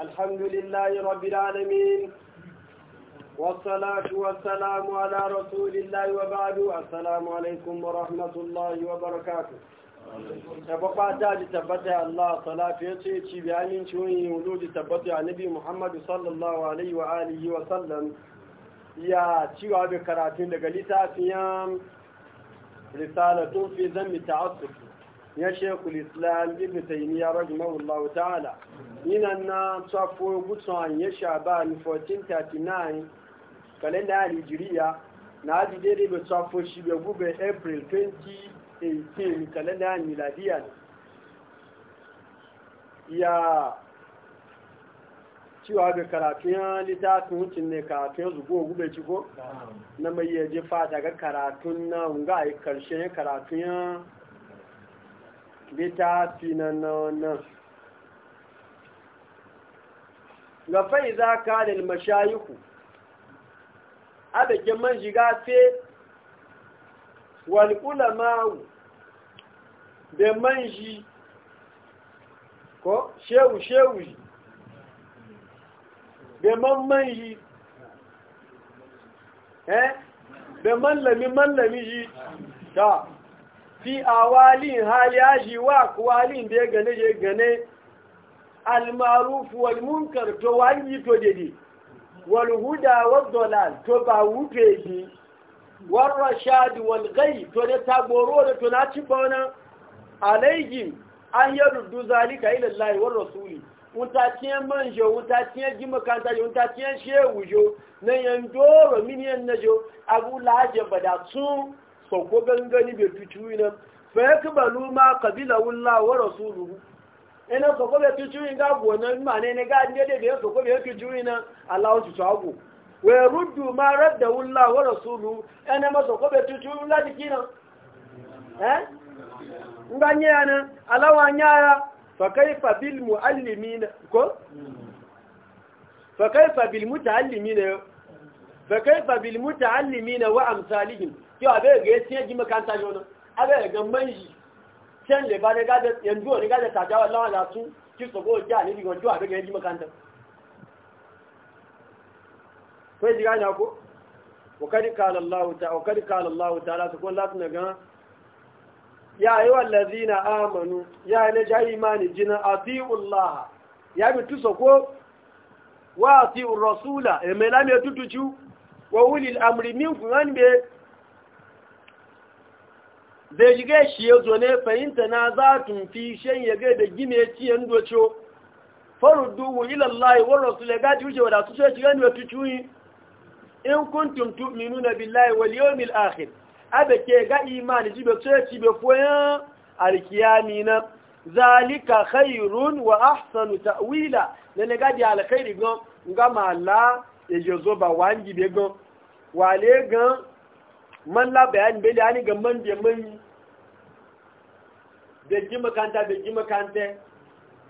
الحمد لله رب العالمين والصلاة والسلام على رسول الله وبعد السلام عليكم ورحمة الله وبركاته تبقى تاج تبتع الله صلاة يتيتي بأمين شوني ولود تبتع نبي محمد صلى الله عليه وآله وسلم يا تيوى كراتين لقلتا فيام رسالة في ذنب التعصف يا شيخ الإسلام ابن تيمية رحمه الله تعالى yana na tsafo gutsun ya shaba 1439 kalenda alijiriya na aji daidai bai tsafo shi bai gube april 2018 kalenda miladiya ya cewa bai karatun littafin hutun ne karatun zugo gube ciko na mai yaje fata ga karatun na wunga a karshen karatun littafi na nan ga fai za ka kalil mashayiku a da man shiga fe walƙula ma'u da man shi ko shewu-shewu shi da man man shi eh da mallami-mallami shi ta fi a awalin hali aji wa kuwalin da ya gane-gane ya المعروف والمنكر تو وانجي تو ديدي والهدى والضلال تو باو بيجي والرشاد والغي تو نتابورو تو ناتشبونا عليهم أن يردوا ذلك إلى الله والرسول wutatiyen manjo wutatiyen jimakanta jo wutatiyen shehu jo na yandoro miniyan na jo abu lahajen bada sun sauko gangani bai tuci winan fa ya kibalu ma kabila wula wa rasuluhu ene soko bɛ tutu yi ka bo na ma ne ne ka ne de bɛ soko bɛ tutu yi na alahu tutu ago wɛ rudu ma rada wula wa rasulu ene ma soko bɛ tutu wula di kina ɛ eh? nga nye ya na alawa nya ya fa kaifa bil muallimin ko fa kaifa bil mutaallimin fa kaifa bil mutaallimin wa amsalihim yo abe ga tiye ji makanta jona abe ga manji can da ba ne gada yanzu wani gada tajawa lawan da su ki so go ja ne digo juwa daga yaji makanta ko ji ganya ko wa kadi qala Allah ta wa kadi qala Allah ta'ala to ko latin ga ya ayyuhal ladina amanu ya yi ne ja imani jina atiu Allah ya bi tu so ko wa atiu rasula e melami tutuchu wa ulil amri minkum an be zai shiga shi ya zo ne fahimta na za tun fi shan ya gai da gine ci yan doco farin duhu ilallahi wa rasulai gaji wuce wadatu sai shiga ne wata cuyi in kun tuntu minu na billahi wal yawmil akhir abe ke ga imani jibe sai ci be foya alkiyami na zalika khairun wa ahsanu ta'wila ne ne gaji alkhairi gan ngama la e zo ba wangi be gan wale gan man la bayani ani gan man be man bai ji makanta bai ji makanta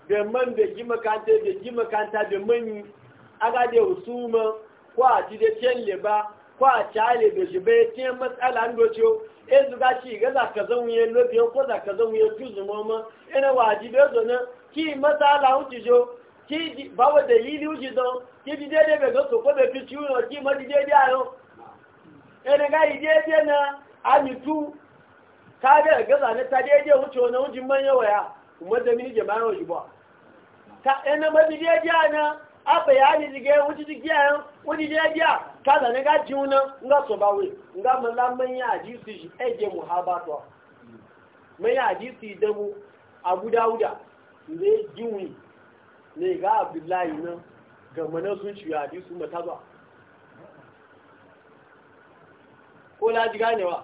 bai man bai ji makanta bai ji makanta bai manyi aga da husuma ko a ji da cen leba ko a cale da shi bai tiyan matsala an doce e zuga ga za ka zan wuyen lobiyan ko za ka zan wuyen tuzu mama ina waji bai zo nan ki matsala huci jo ki ba wa dalili huci don ki ji bai ga so ko bai fi ciwo ki ma ji daidai a yau ina ga yi daidai na a tu. ka ga gaza ne ta daidai wuce wani wujin manya waya kuma da mini jama'a wani ba ta ina mazi daidai na a bayani zige wuce jiki a yan wani daidai ka zane ga jiunan nga so ba nga mala manya a jisi shi eje mu ha ba to manya a jisi da mu abu dawuda ne jiwi ne ga abdullahi nan ga mana sun ci a jisu mata ba ko la ji ganewa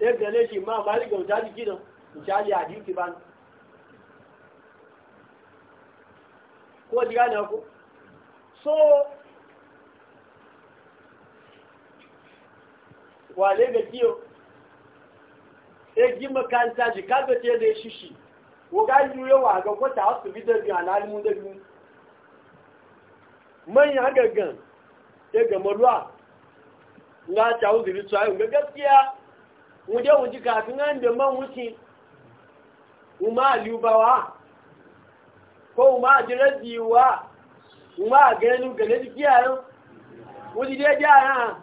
yadda ne shi ma mali ga wuta jiki nan misali a jiki ko ji na ku so wale ga kiyo e gi makanta ji ka ga te shishi ko ga yi yawa ga kwata su bi da biya lalimu da biyu manya gaggan ga e nga ga gaskiya wunde wunji kafin an da man wuce umar yubawa ko umar jiradiwa umar ganu gane jiki a yau wuji dai ja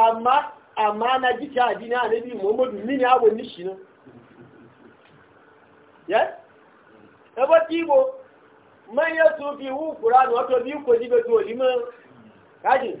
amma amma na ji caji na anabi muhammadu mini abun nishi nan yes ebe tibo man ya tufi hu kura biyu ko jibe to liman kajin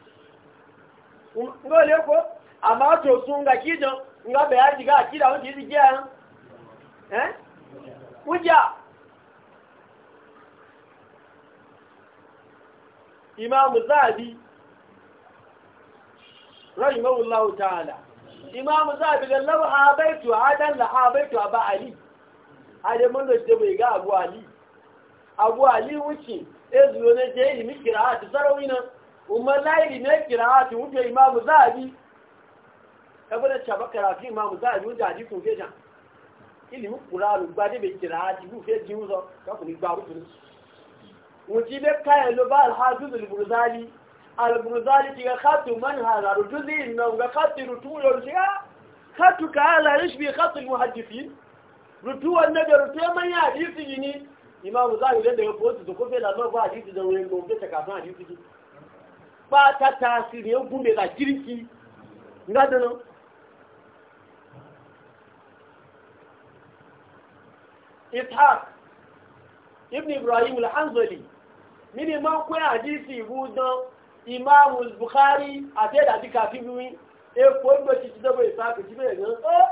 ngole ko amma to sun ga kido nga be yaji ga kida won ti je an eh kuja imam zabi rahimahullahu ta'ala imam zabi ga law habaitu adan la habaitu aba ali ade mun da bai ga abu ali abu ali wuce ezuro ne je ilmi qira'at sarawina kuma laili ne kira'ati wuce imamu zahabi kabirar shaba karatu imamu zahabi wuce hadi kun fe jan ilimin kuranu gbade bai kira'ati wuce ji wuzo kakuni gba rukuni wuce bai kayan lo ba alhazuz al-burzali al-burzali ki ga khatu man hada rujuzi na ga khatu rutu yau shi ga khatu ka ala rishbi khatu muhaddisi rutu wannan da rutu man ya hadisi gini imamu zahabi da daga fosu da kofe da ba hadisi da wurin gobe ta kafin hadisi gini ɓata tasiri yan gumbe ga kirki ga dana ishaq ibn ibrahim al-hanzali mini man kwaya hadisi ibu don imamu bukhari a te da dika fi biyu e kwando ci dabo ishaq ci bai gan o oh,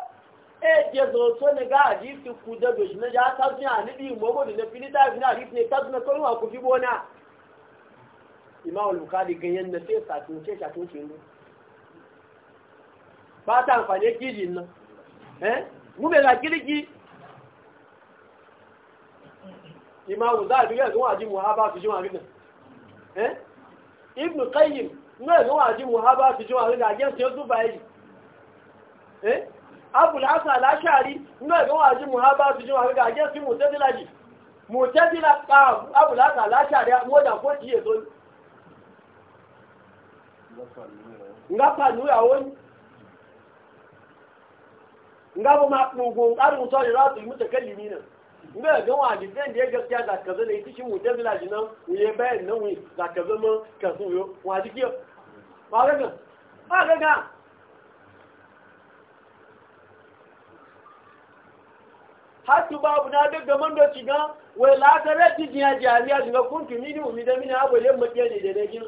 e je zo to ne ga hadisi ku dabo shi na ja ta zuwa ni bi mo mo ne filita bi na hadisi ne ta zuwa ko ku fi bona imam al-bukhari ganyen na sai satunce satunce ne ba ta amfani kijin nan eh mu be la kirki imam zabi ga zuwa ji muhaba su jima gidan eh ibn qayyim na zuwa ji muhaba su jima gidan agen sai dubai eh abul hasan al-ashari na zuwa ji muhaba su jima gidan agen sai mutazila ji mutazila ah, abul hasan al-ashari mu da ko ji yazo nga panu yawo ni nga bo ma kugu nga ru so ni ratu mu takallimi na nga ga wa di den da gaskiya da kaza ne cikin mutan village nan mu ye bayan nan wi da kaza mun kasu yo wa di kiyo ba ga ga ba ga ga hatu babu na duk da do ci ga wai la ta rati jiya jami'a daga kuntu ni ni mu da mini abu le mu ke ne da ne gina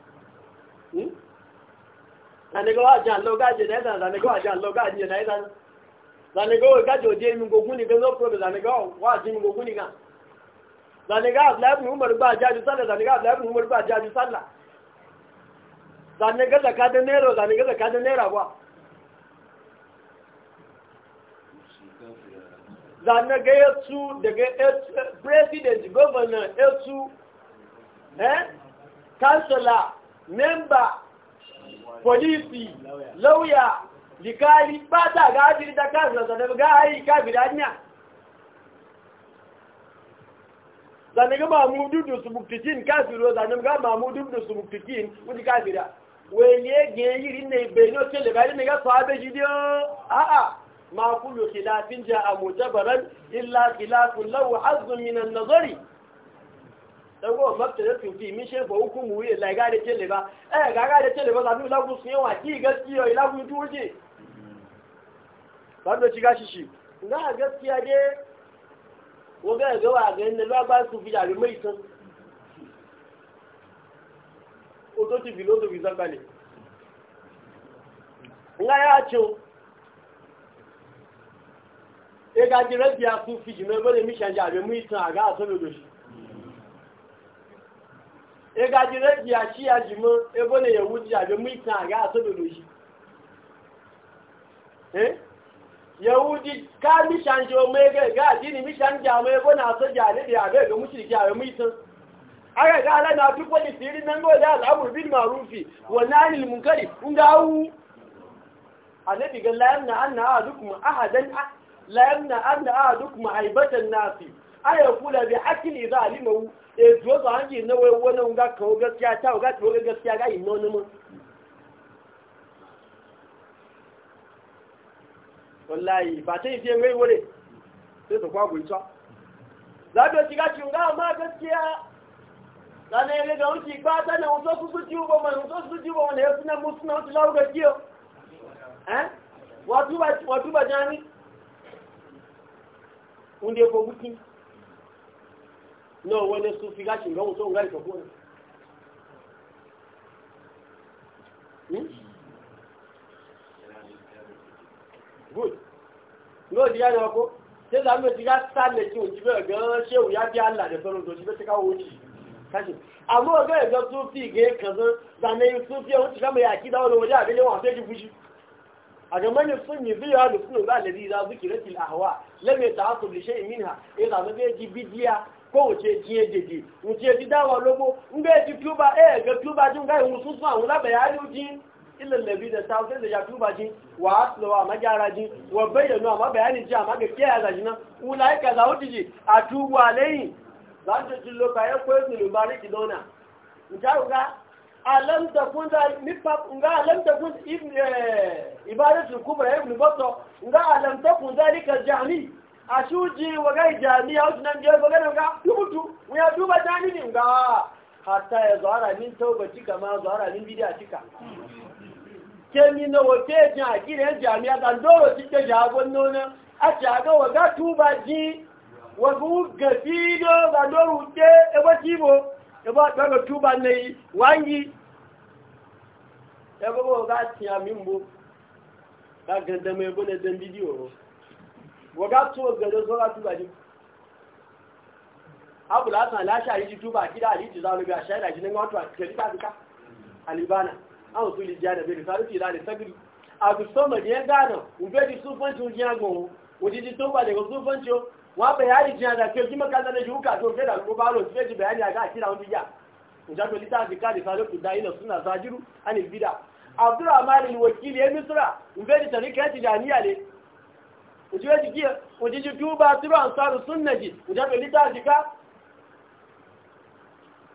zanigo hmm? wa jan lo gaje na izan zanigo wa jan lo gaje na izan zanigo wa gaje oje mi gogun ni gazo probe zanigo wa ji mi gogun ni ga zaniga abdullahi umar ba jaju sallah zaniga abdullahi umar ba jaju sallah zaniga zakata nero zaniga zakata nera ba zaniga yatsu e daga e president governor yatsu e eh chancellor memba polisi lauya likali bata ga ajiri da kazi da zanen ga ayi kafi da hanya zanen ga mamudu da su buktikin kafi ruwa zanen ga mamudu da su buktikin wuji kafi da wele gen yiri ne benyo kele bayan ne ga sahabe jidiyo a'a ma kullu khilafin ja'a mutabaran illa khilafun lahu hazzun min an-nazari dago mafta da tuti min she fa hukumu ya la ga da kelle ba eh ga ga da kelle ba zabi lagu sun yawa ki gaskiya ila ku tuje ba da shiga shi shi na gaskiya dai wa ga ga wa ga ne ba su fi da mai san o to ti bilo to bi zambale nga ya cho e ga jira dia ku fi jime bole mi shanja be mu itan aga so be do shi ga ji rabi ya shi ya ji mun ebo ne ya wuce abin mulkin ga a sodo da shi eh yahudi ka mi shanji o mai ga ga dini mi shanji a mai ebo na so ja ne da ga ga mushriki a mulkin aka ga ala na duk wani sirri nan go da al'amur bil ma'rufi ma nahi al munkari kun ga hu annabi ga la yamna anna ahadukum ahadan la yamna anna ahadukum haibatan nasi ay yaqula bi akli zalimu ezu ozu a ji na nwoke ka oge si gaskiya ta a tsoro gaskiya ga yin nonu mun wallahi ba ta yi fiye wai wale sai su kwa gwica ma gaskiya ya ga wuce ikpe ta na wuce susu su ciwo ba mai wuce su ya suna musu na wuce lawo gaskiya náà wọ́n lé sùn fi gáàsì ìgbọ́n tó ń gá ìtọ́kùn ti kóhùn ṣe jíẹ́ dèdè ń ṣe ti dáwọ̀ lógbó ń gbé ti kílúbà ẹ̀ẹ̀gẹ́ kílúbà jí ń ká ìhun súnsún àwọn lábẹ̀yà ló jí ilẹ̀lẹ̀bí da sáfẹ́ da ya tuba jin wa aslowa a magyara jin wa bayyano a mabayani ji a magake ya zaji nan wula ya kaza wuce ji a tuba layi za ta ci loka ya koyi su lubari ki dona nta ga alam ta kun da nipa nga alam ta kun ashuji wagai jami'a wasu nan biyar wagai ga mutu ya duba jami'in ga hatta ya zuwa min tauba cika ma zuwa min a cika kemi na wace jin akira yan jami'a dan doro cike jagon nona a jaga waga tuba ji wagu gafi do ga doro te e ba tibo e ba daga tuba nei wangi e ba go ga tiya mimbo ga ganda mai na dan bidiyo wọ́gá tó gẹ̀rẹ́ sọ́rọ̀ túbàjí abúlásán aláṣà yìí túbà kí dáa yìí ti záwọn ibi àṣà ìdájí nígbà tó àkẹrí pàtíká alibana àwọn tó lè jẹ́ àdàbẹ̀ rẹ̀ sáré ìlànà sẹ́gbìrì àgùsọ́mọ̀ ní ẹgbàánà òbẹ́dì súnfẹ́ntì ojú agbọ̀n òjijì tó gbàdẹ̀ kò súnfẹ́ntì ó wọ́n bẹ̀ yáàrí jẹ́ àdàkí ojú mọ́kànlá lẹ́jọ́ òkà tó fẹ́ dàgbò bá rò fẹ́ di bẹ̀yàní àgá àti ìlànà ìjà ìjágbé lítà àti káàdì sáré kò dá ilẹ̀ súnà sáájú àni ìbídà abdulrahman ilwakili emisra òbẹ́dì tàríkẹ́ ti jà níyàlé kuji ya jikiya kuji ji tuba tiro an saru sunna ji kuji ya lita jika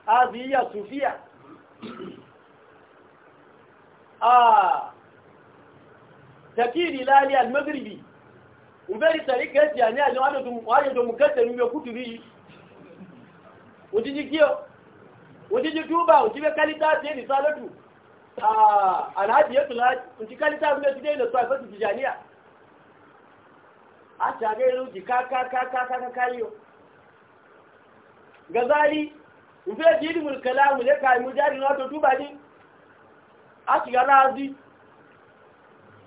aziyya sufiya a ah. takiri lali al-maghribi uberi tarika ya tiyani a jama'a da wajen da mukaddami mai kuturi kuji jikiya kuji ji tuba kuji bai kalita ce ni salatu a ah. alhaji ya tulaji kuji kalita mai tijai da su a fasu janiya? àtàgé lójì kákákákákákáyò gazali ìfẹ́ jí ìdìmù kẹláàmù lẹ́ka ìmújáde náà tó túbà ní àtìgáráàzí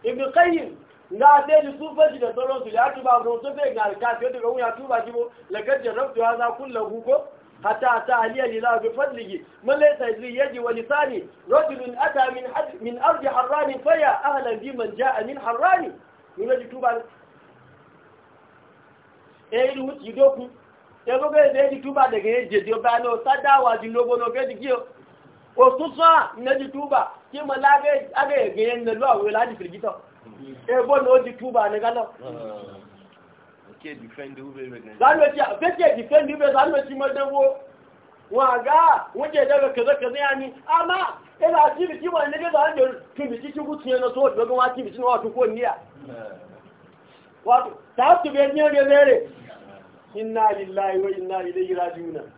ìgbìkẹ́yìn na kayin, daidai sufanci da tsoron su, ya tuba a rosu bai ga alkafi yadda ga wuya tuba jibo Lagajin jarrabtu ya za kulla huko hatta ta aliyya lila bi fadlihi man laysa li yaji wa lisani rajulun ata min min ardi harrani faya ahlan bi man jaa min harrani mun ji tuba eri wuce doku ya na da tuba daga yaje dio bano sadawa ji logo no na tuba ki malage aga ga yan da luwa wala di firgita tọ hmm. bo na ji tuba ne galo ah. ke defend ube be e defend ube zalo ti mo dewo wa ga wuce daga kaza kaza yani amma ina ji bi ki wani ne da an da tubi ki ku tiye na so dogon wa wato ta su bai ne ga mere inna lillahi wa inna ilaihi raji'un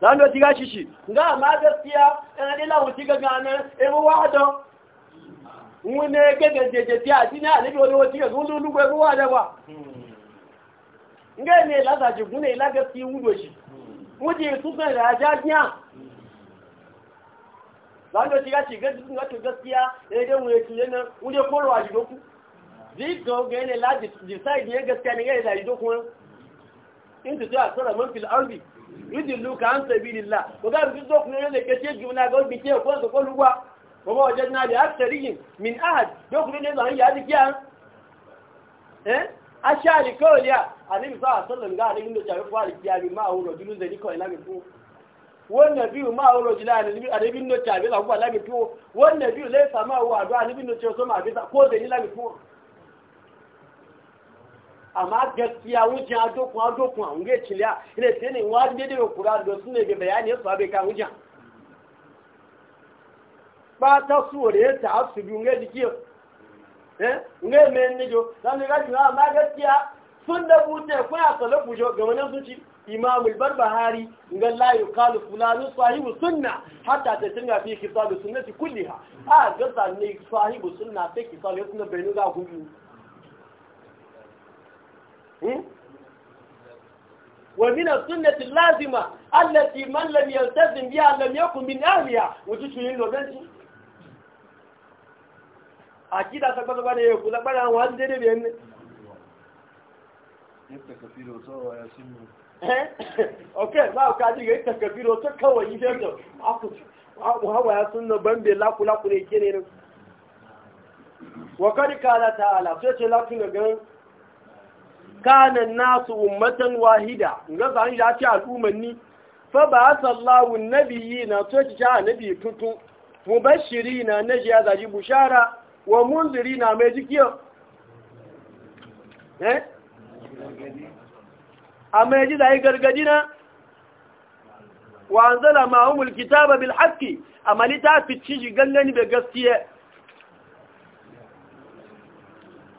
dan da tiga shi shi ga ma gaskiya ina dila wuti ga gane e mu wado mu ne ga ga je je tiya shi ne alibi wani wuti ga gundu lugu ga ruwa ba nga ne la da ji gune la gaskiya wudo shi mu su ga rajajiya dan da tiga shi ga gaskiya e da mu ya e tiye na mu je korowa shi doku zai ga ne la jisai ne gaskiya ne ga da ido kuma in ta tsaya tsara man fil ardi ka luka an sabilillah ko ga duk dok ne ne kace juna ga bi ke ko ko lugwa ko ba na da aktariyin min ahad dok ne ne zan ya dikiya eh ashari kawliya annabi ga ta ma ko ko wannan biyu ma a wuro jila a no la ko la amma gaskiya wujan adokun adokun an ga ciliya ina ce ne wa ne da kura da su ne ga bayani su abe kan wujan ba ta su re ta asubi ngai dike eh ngai men ne jo dan ga ji amma gaskiya sun da bute kuna salafu jo ga wannan su ci imam al-barbahari ga la yuqalu fulanu sahibu sunna hatta ta tunga fi kitab sunnati kulliha a ga sanne sahibu sunna sai kitab sunna bai ga gudu ومن السنة اللازمة التي من لم يلتزم بها لم يكن من أهلها وتشوف لوجنتي أكيد أتكلم بقى ليه كذا بقى أنا وان جري بين يتكفير وصار يا سمو okay za ka ji ga takafir wata kawai yi da aku hawa ya sunna bambe la kula kula ke ne wa kad kala ta'ala sai ce la kun ga kana nasu ummatan wahida ga zan ya ci al'umanni fa ba sallahu nabiyyi na to ci ta nabi tutu mubashirina naji ya zaji bushara wa munzirina mai jikiyo eh amma yaji zai gargadi na wa anzala ma'umul kitaba bil haqqi Amali ta ci gangani da gaskiya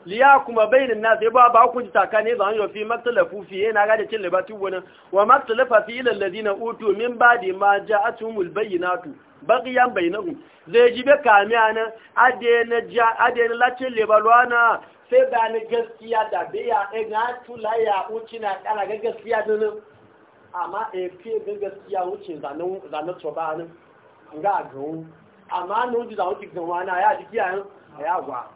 liya kuma bainin nasu ya ba ba hukunci takane zan yi fi maktalafu fi yana ga da cin libati wani wa maktalafa fi ilal ladina utu min badi ma ja'atumul bayyinatu baqiyan bainahum zai jibe kamiya na adena ja adena lacin libalwana sai ba ni gaskiya da biya e ga tula ya uci na kana ga gaskiya din amma e fi ga gaskiya uci zanan zanan to nan ga ga amma nan ji da uci ga wana ya ji kiyayen ya gwa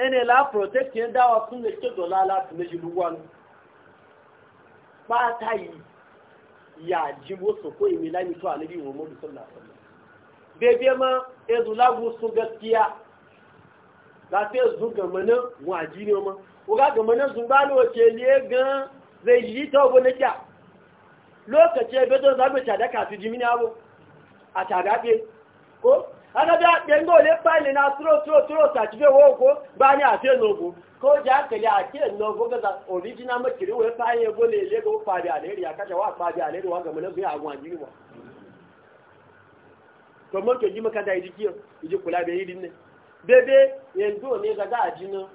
ene la protect yen dawa fun le ke dola la fun le jilu wan ba ta yi ya jibo so ko imi la mi to alabi muhammadu sallallahu alaihi wasallam bebe ma su gaskiya la zu ga mana wa jini ma o ga gan zai yi to bo ne ja lokaci be to za ka su jimini abo ko agaghị akpe ndị ole paịlị na tro tro tro sachibe we okwo bụ anya afe n'ogwu ka o ji akele ake n'ogwo gaza orijinal mekiri wee paịlị ebo na-ele ego kpabi aleri akacha wa kpabi aleri wa gamana bụ ya agwa jiri wa tomato ji makanta iji kiyo iji kula abịa iri ne bebe yanzu ne ga gaji na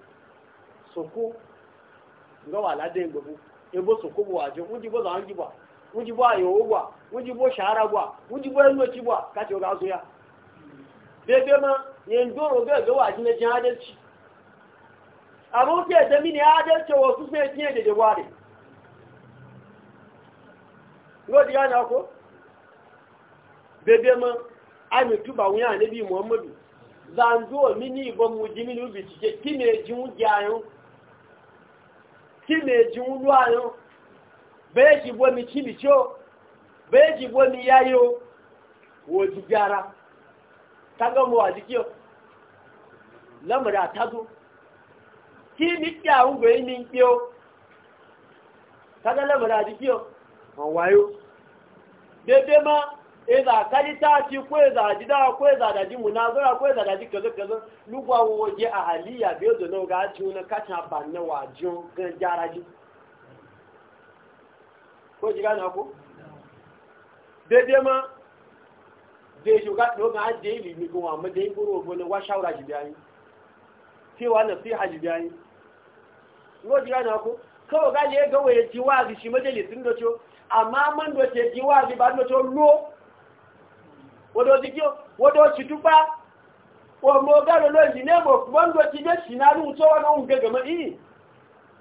soko ga wala da yin gobe ebo soko bu wajen wuji bo ndị an ji ba wuji bo ayo gwa wuji bo shahara gwa wuji bo yanzu ci gwa kace ga ya bebe ma yin doro bai ga waji na jin adalci abin ke da ne adalci wasu sai fiye da deware lodi ya na ko bebe ma an mutu ba wuya na bi muhammadu zanzo mini ba mu ji mini ubi cike ki ne ji wuji ayon ki ne ji wudu ayon bai ji bo mi cibicho bai ji bo mi yayo wo ji gara kaga mu wa jiki lamara ta zo ki ni kyawun goyi ni kiyo kaga lamara jiki wọn wayo dede ma eza kalita ci ko eza jida ko eza daji munazara ko eza daji kaza kaza lugwa wo je ahaliya be do no ga ci una kacha na wajo ko na ko ma zai shiga ɗoga an da yi limikin wa amma da yi goro wani wa shawara ji biyayi cewa na fi haji biyayi ko ji gane ku kawai ga ne ga waye ji wazi shi majalisin da ciwo amma man da ke ji wazi ba da ciwo lo wado zikiyo wado ci tuba wa mo ga lo lo ji ne mo bon do ci de sinaru to wa ga gama ini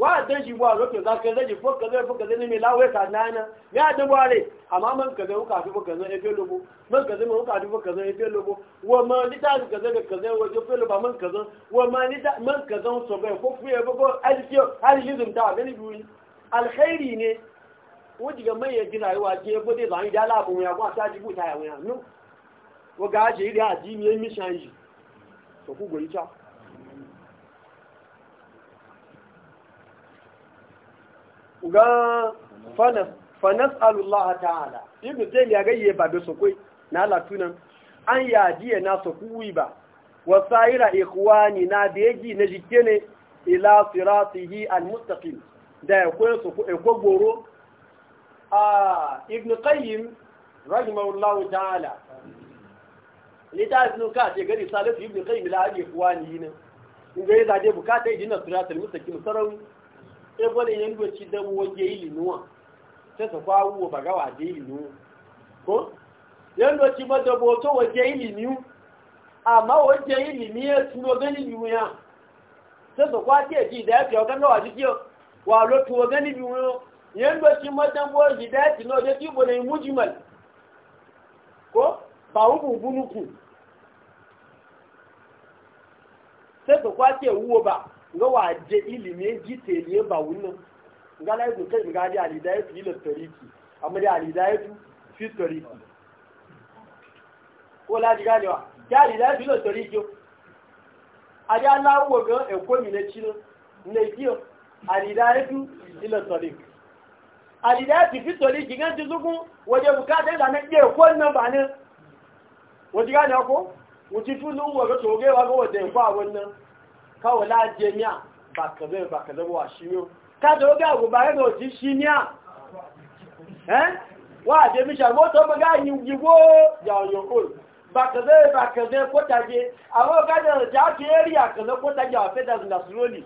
wa dan shi ba roke za ka zaji fo ka zai fo ka zai mai lawe ka nana ya da bare amma man ka zai ka fi ka zai fe lobo man ka zai man ka fi ka zai fe lobo wa ma ni ta ka zai ka zai wa je fe lobo man ka zai wa ma ni ta man ka zai so bai ko fi ba ko alfi alhizm ta ga ni duri alkhairi ne wuji ga mai yaji rayuwa je bo dai zan da labu ya kwa ta jibu ta ya wa no wa ga je da ji mi mi shanji to ku goyi ta ga fanas alullah ta'ala ibn tayyib ya gayye ba da sokoi na latunan an yadiye na sokuwi ba wa saira ikhwani na da yaji na jike ne ila siratihi almustaqim da ya koyo su ko goro a ibn qayyim rahimahullah ta'ala litafin ka ce gari Salisu ibn qayyim la ikhwani ne inda ya zaje bukata idina siratal mustaqim sarawi ebole yen do da wo je ili ta ta kwa wo baga wa je ili ko ma da bo to wo je ama wo je ili gani ya ta ta kwa ti ji da fi o kan wa ji wa lo tu gani ma da bo ji da ti no de ti bo ne mujmal ko ba wu bunuku sai ta kwa ba ga waje ilimi ji teliye ba wannan nga na ibn kai ga da alidayatu ila tariki amma da alidayatu fi tariki ko la diga ne wa ya alidayatu ila wo ga e mi ne chino ne kiyo alidayatu ila tariki alidayatu fi ga tizugun waje bukata da ba káwọ̀ láàájẹ́ ní à bàkàzẹ́ bàkàzẹ́ wà ṣí yóò káàdì ó gáàgù bá rẹ̀ òjí ṣí ní à wà àjẹ́ mi ṣàgbótọ́ mọ́ gáàyí yíwó yàòyòkó a bàkàzẹ́ kótajé àwọn ọ̀gájẹ́ ọ̀já kí é rí àkàzẹ́ kótajé àfẹ́dàzù nàṣúrónì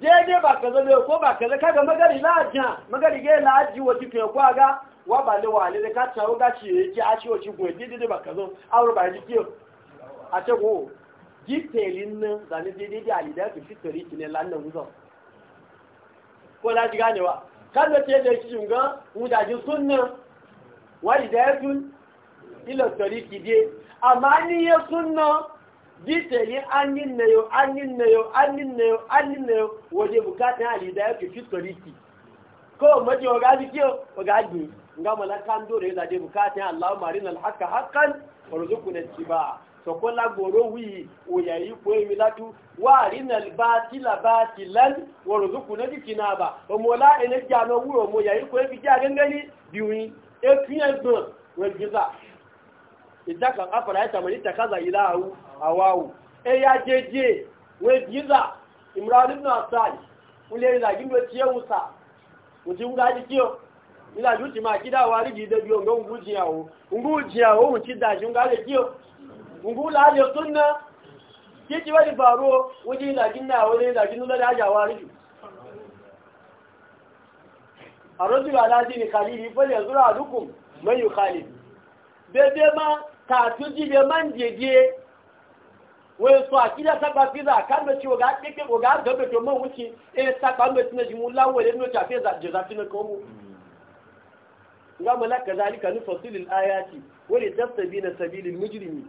déédé bàkàzẹ́ lè kó bàkàzẹ́ kága mọ́gàrí láàjá mọ́gàrí gẹ́ láàjí wo ti fẹ̀kọ́ agá wà bà lè wà lè káàkiri ó shi èyí e tí a ṣe òṣìkò èdè dédé bàkàzẹ́ àwọn ọ̀bà detailin nan zane daidai da alidar su fi tsari ki ne lannan wuzon ko da ji ganewa kan da ce da shi shunga mudajin sunnan wani da ya sun ila tsari ki je amma ni ya sunna an yin na yau an yin na yau an yin na yau an yin na yau waje bukatan alidar su fi ko maji wa gaji kiyo nga ya zaje bukatan alhaka hakan sọ̀kọ́ lágbòrò wí òyà ipò ewì látú wà rínà bá tílà bá ti lẹ́nu wọ̀rọ̀ tó kùnà ti kìnà àbà ọmọlá ẹlẹ́jà náà wúrò ọmọ òyà ipò ewì jẹ́ agẹ́gẹ́ ní bìwìn ekun ẹgbọ̀n rẹ̀gbẹ̀ta ìdáka afọ̀rọ̀ àìsàn ní takaza ìlà àwù àwáwù ẹ̀yà jẹjẹ rẹ̀gbẹ̀ta ìmúra nínú àtàlì ń lè rìnà gígbó tí ẹ̀wù sà kò ti ń gájí kí ọ nílàjú máa kí dáwà rí jìdẹ́jú ọ̀gbọ́n ń gú ń gú òun ti dàjú ń gálẹ̀ kí ọ ngula ne suna kiki wani faro wajen lagin na wani lagin nuna da ajawa riju a rajul alaji ne khalili fal yanzu zura dukkan mai yi khalili bebe ma kafin be man jeje wai su a kila saba fiza kan da ciwo ga kike ko ga gabe to man wuce eh saba mai tuna jimu lawale no tafe za je za tuna komo ga malaka zalika nufassilil ayati wa na sabilil mujrimin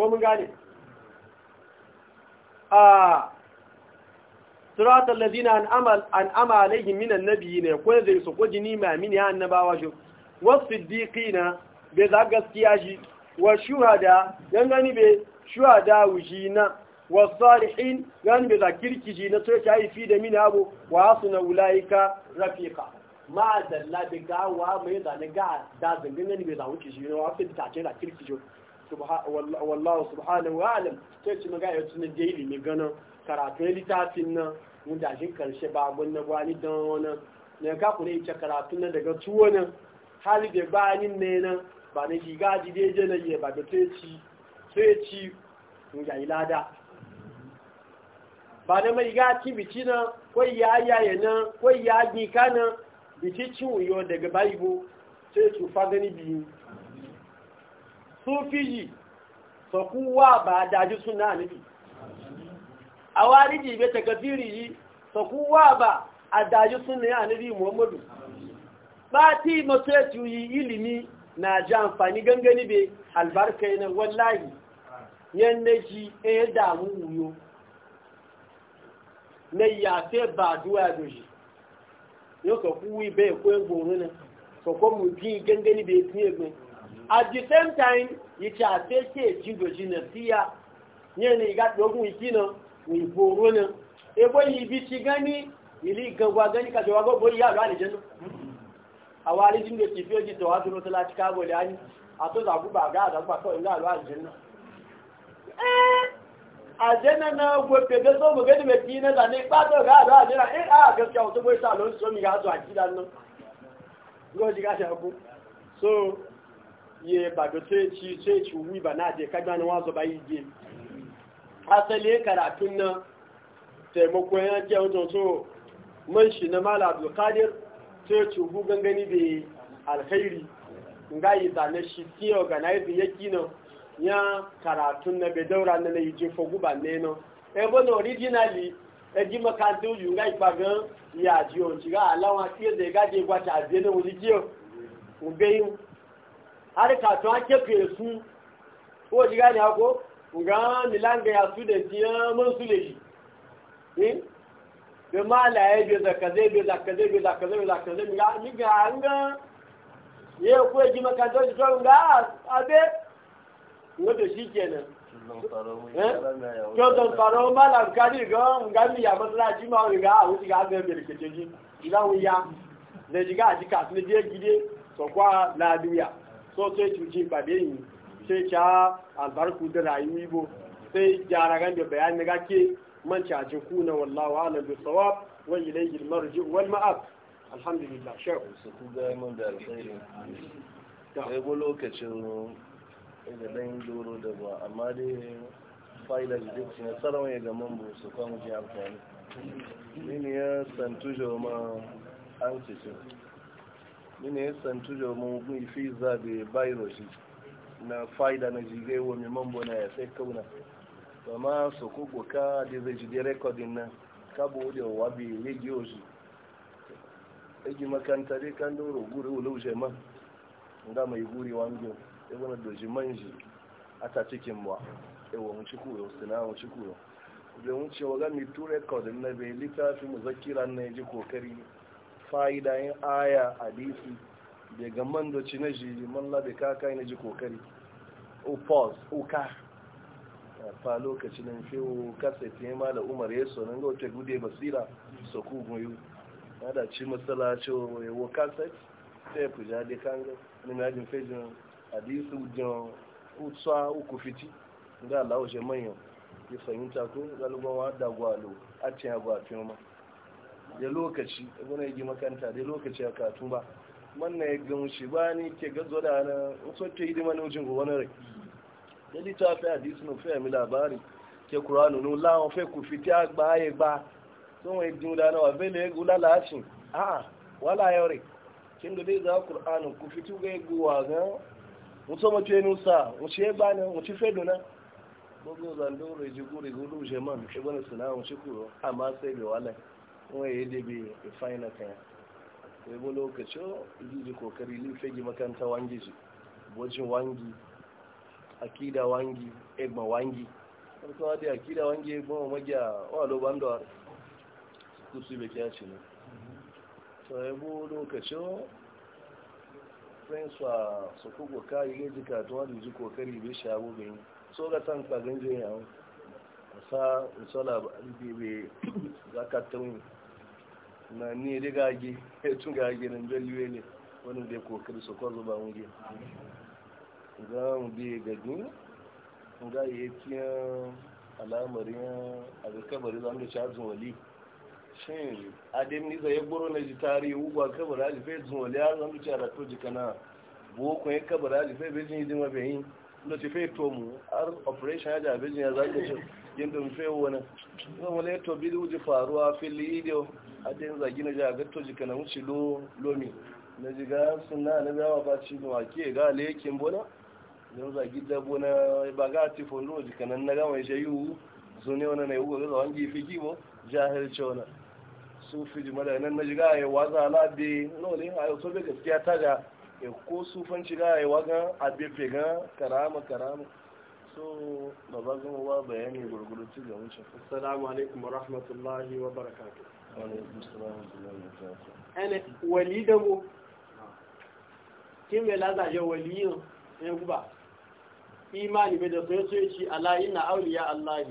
ko mun gane a siratul ladina an ama alaihim minan nabiyina ko zai su ko jini ma min ya annabawa shi wasiddiqina be za gaskiya shi wa shuhada dan gani be shuhada wujina wa salihin gani be za kirkiji na to kai fi da min abu wa asna ulaika rafiqa ma dalla bi gawa mai da ne ga da zangin ne be za wuce shi wa fi ta ce da kirkiji wallahu subhanahu wa alam sai ci maga ya tunan da ilimi gano karatu ya littafin nan mun da shi karshe babun na gwani don wani ne ka kuna ita karatu na daga tuwo nan hali da bani ne nan ba na shiga da daidai na yi ba da teci teci mun ga ilada ba na mai ga ci bici nan kwai ya yaya nan kwai ya gika nan bici ciwo daga baibu sai tufa gani biyu súnfí yìí a wà bá dájú súnà níbi àwọn àríjì ìgbẹ́ yi yìí sọ̀kú wà bá adájú súnà níbi muhammadu bá tí yi ilimi na ji gangani bai albarka yana wallahi yadda ji ɗaya damu wuyo na yafe ba duwa gangani at the same time ìtì àtẹ́kẹ́ ìjìdòjì nà sí ya ní ẹni ìgbàgbógún ìkínà ìgbòrò náà ebo ibi ti gán ní ìlú ìgangwa gán ní kàjọwà gbogbo ìyá àrùn àlìjẹ́ náà àwọn alìjì ti fi ó jìtọ̀ dúró tó láti káàbọ̀ lè ye ba da sai ci sai ci wi ba na je kaga na wazo ba yije asali karatun nan taimako ya ke wajen so man shi na mala abdul qadir ci hu gangani da alkhairi nga yi zane shi ti organize yaki nan ya karatun na bai daura na na yije fogu ba ne no e bon originally e ji makante uju nga ipagan ya ji o ji ga alawa ti e de ga je gwa ta ze no ji o har katon ake fiye su ko ji gani hako ga milanga ya su da tiya man su leji eh da mala ya bi zaka zai bi zaka zai bi zaka zai zaka zai ga ni ga an ga ye ko e ji maka to ji to ga abe ngo to shikenan eh? to don faro mala ka ni ga ga mi ya masala ji ga a wuci ga ga berkete ji ila wuya da ji ga ji ka ne e duya so sai cuci bade yi sai cha albarku da rayuwa ibo sai jara gan da bayan ga ke man caji kuna wallahu alam bi sawab wa ilayhi almarji wal ma'ab alhamdulillah shehu su ku ga mun da alkhairi sai go lokacin da dan doro da ba amma dai da duk na sarawa ya ga mun su kan ji amfani ni ne ya tujo ma an ci mini ya santu da mu mun fi za da bayro na faida na jige wa mi mambo na ya sai kauna to ma so ko goka da zai jide recording na kabo da wabi ya giyo shi egi makanta dai kan doro guri ulu je ma nga mai guri wango e wona doji manji ata cikin mu e wo mu ciku yo sina mu ciku yo da mun ce na ga mi tu recording na bai littafi mu zakiran fa'ida yin aya hadisi daga man da ci na ji man labe kaka na ji kokari o pause o ka fa lokaci nan fi o kasa fiye ma da umar ya so nan ga wata gude basira so ku goyo na da ci matsala ce ya wo kasa sai ku ja de kanga ni na jin fejin hadisi jan utsa uku fiti ga lawo manyan ya fahimta ko galibawa da gwalo a cikin gwafin ma da lokaci wani ya gi makanta da lokaci a katu ba manna ya gan shi ba ni ke gazo da na soke hidima na ujin gobe rai da littafi hadisi na fiye mi labari ke kuranu nu lawon fe ku fiti agba aye gba sun wani jin da na wa bele egu lalacin a'a wala yau rai kin da dai za kuranu ku fiti ga egu wa ga mutu mace nusa mutu ya bani mutu fedo na gbogbo zandoro ejiguri gudu jeman ebe na sinamu shi kuro amma sai da walai kuma ya bi ya faina kan sai bo lokaci jiji kokari lin fegi makanta wangi ji bojin wangi akida wangi egba wangi kuma wadi akida wangi egba wa magiya wa lo bando kusu be kya ci ne so e bo lokaci sai su su oh, kugo kai ne jika to wadi ji kokari be sha bo be so ga san ka ganje ya o sa sala bi bi zakatun na ni da gage ya tun gage nan jalliwe ne wani da ya kokari su kwazo ba wunge za mu bi gagi ga iya kiyan alamarin kabari za mu da cajin wali shin adem ni zai goro na ji tarihi ugwa kabar alifai zuwa liya zan duce da to jika na boko yin kabar alifai bejin yi dima bayin da ti fai to mu har operation ya da bejin ya zaki shi yin dum fai wani zan wale to bi da faruwa fili idio hada yin zagi na jaga gato jika na wuce lomi na jiga suna na zawa ba ci ma ke ga alayyakin bona don zagi da bona ba ga ti fondo jika nan na gama ishe yiwu zo ne wannan yu ga zawan gi fiki bo jahil chona su fi ji mala nan na jiga ya waza la be no ne ayo so gaskiya ta ga ya ko sufanci ga ya waga bebe ga karama karama so ba zama ba bayani gurgurtu ga wuce. assalamu alaikum wa rahmatullahi wa barakatuh ẹnẹ wẹ̀lì dẹ́gbò kí mẹ́ lázàjọ wẹ̀lì yìí ẹn gúbà imani bai da sai sai ci ala inna awliya allahi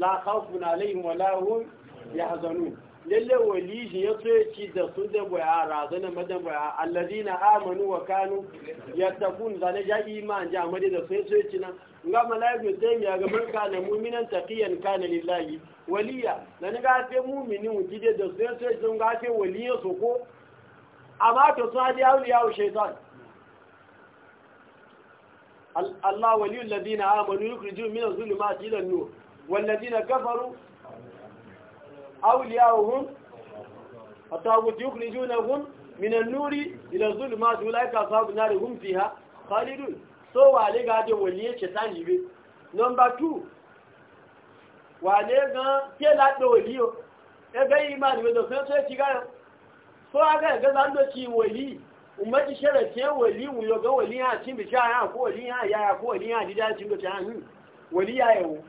la khawfun alaihim wa la hum yahzanun lalle shi ya so ci da su da baya razana madan baya na amanu wa kanu yattaqun zane ja iman ja amade da sai so ci nan nga malaiku sai ya ga barka na mu'minan taqiyan kana lillahi waliya nan ga sai mu'minin wujide da sai so ci ga sai waliya so ko amma to sadi wa shaytan Allah waliyul ladina amanu yukhrijuhum min adh-dhulumati ila an-nur والذين كفروا أولياؤهم الطاغوت يخرجونهم من النور إلى الظلمات أولئك أصحاب النار هم فيها خالدون so wale ga de waliye shetani be 2 wale ga ke la do waliyo e ga imani be so aga ga zan do ti wali umma ti shere wali mu yo ga wali ha tin bi cha ha ko wali ha ya ya ko wali ha di da do cha ha wali ya yo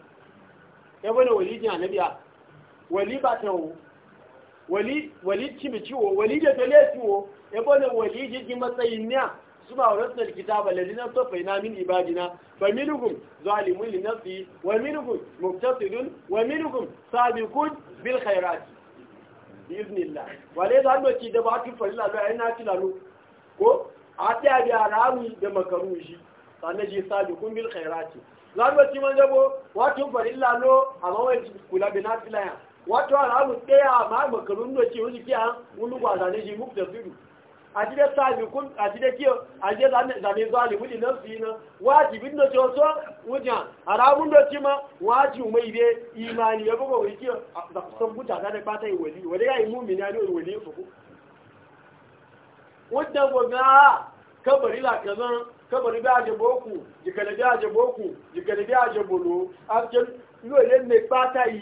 e bona wali ti anabiya wali batan wo wali wali cimici wo wali da ta talesi wo ya bane wali jiji matsayin niya suna warasta kitaba lalina sofai na min ibadina fa minhum zalimun li nafsi wa minhum muqtasidun wa minhum sabiqun bil khairat biiznillah wale da hannu ci da ba tu farilla da ai na tilalu ko a ta da arawi da shi sannan ji sabiqun bil khairat zan ba ci man dabo wato farilla no a wai kula bi na tilaya wato alamu ɗaya ma makarun da ce wani kiyan wani gwada ne shi muku da firu a jide sami kun a jide kiyo a jide zane zuwa ne wuli nan su yi nan wajibin da ce wasu wujan haramun da ce ma wajibu mai dai imani ya buga wani kiyo da kusan mutane da fata yi wali wani ya yi mummin ya ne wali ya fuku wadda gwaga kabari la kazan kabari bi aje boku jikana bi aje boku jikana bi aje bolo abjel ne lé nípa yi.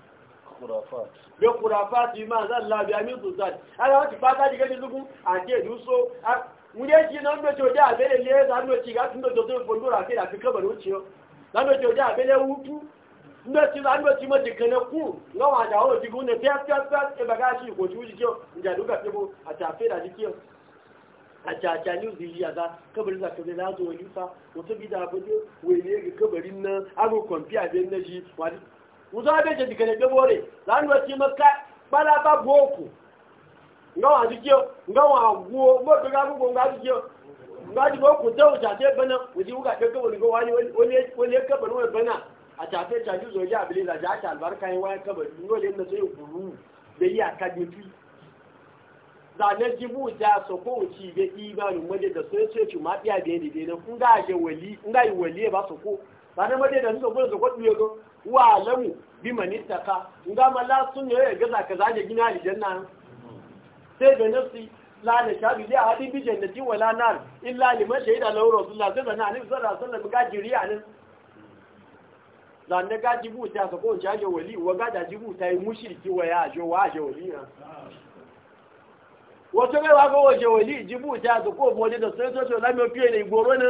bí kùràfà ti máa zá lábí àmì ìtòsáì ara wọ́n ti pátá jí gẹ́gẹ́ lógún àti èdè úsó múlé jí náà ń gbẹ́jọ jẹ́ àbẹ́lẹ̀ lé lánàá tí láti ń gbẹ́jọ tó ń fojú rà fẹ́ àfi kọ́bọ̀ ló ti ọ́ lánàá tí ó jẹ́ àbẹ́lẹ̀ wútú ndé tí lánàá tí mo ti kẹ́nẹ́ kú lọ́wọ́ àjàwó ti gún ní pẹ́ẹ́pẹ́ẹ́pẹ́ ẹgbẹ̀gá sí ìkò tí ó ti jẹ́ ìjàdúgà tí mo àti àfẹ́ àti kí ọ àti àti àní òdì yìí àbá kọ́bẹ̀rẹ́ sàkẹ́lẹ́ láàzọ̀ òyìnbá mo tó bí dáa bọ́jọ́ wèlé kọ́bẹ̀rẹ́ ná àrùn kọ̀ǹpí àbẹ́ ná yìí wà muzo abe je dikene be bore lan wa ti maka bala ba boku nga wa dikio nga wa guo mo to ga bugo nga dikio nga di boku to ja te bana uji uga te ko ni go wani wani wani ka bana we bana a ta te ta ju zo ja abili la ja ta albarka yin wa ka ba no le na sai guru da ya ka de fi da ne ji bu ja so ko uci be mo maje da so sai ci ma biya be ni de na kun ga je wali nga ga yi wali e ba so ko ba na de da so ko so ko duye go wa alamu bi manistaka nga mala sun ne ga za ka zaje gina aljanna sai ga nafsi la na shabi li ahadi bi jannati wala nar illa liman shahida lahu rasulullah sai ga nabi sallallahu alaihi wasallam ga jiriya nan dan ne ga jibu ta ka ko jaje wali wa ga da jibu ta yi mushriki wa ya jo wa jo wali na wato mai wa ga waje wali jibu ta ko mo da sai to to la mi ne pie ne igoro na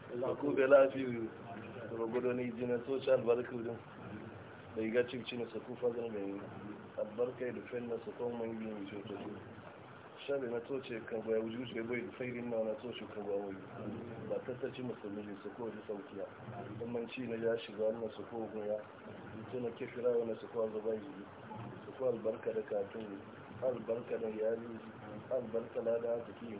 ku ga lafiyu rogodo ne jina social barku da iga cimci na saku fazan da yi albarka da fen na sakon mai yin wuce ta su shabe na toce kan baya wuce wuce bai da fairin ma na toce kan ba wani ba tattaci musulmi ne sako da saukiya don man na ya shiga na sako goya ito na kefira wani sako alzaban yi sako albarka da katun albarka da yari albarka da da haka kiyo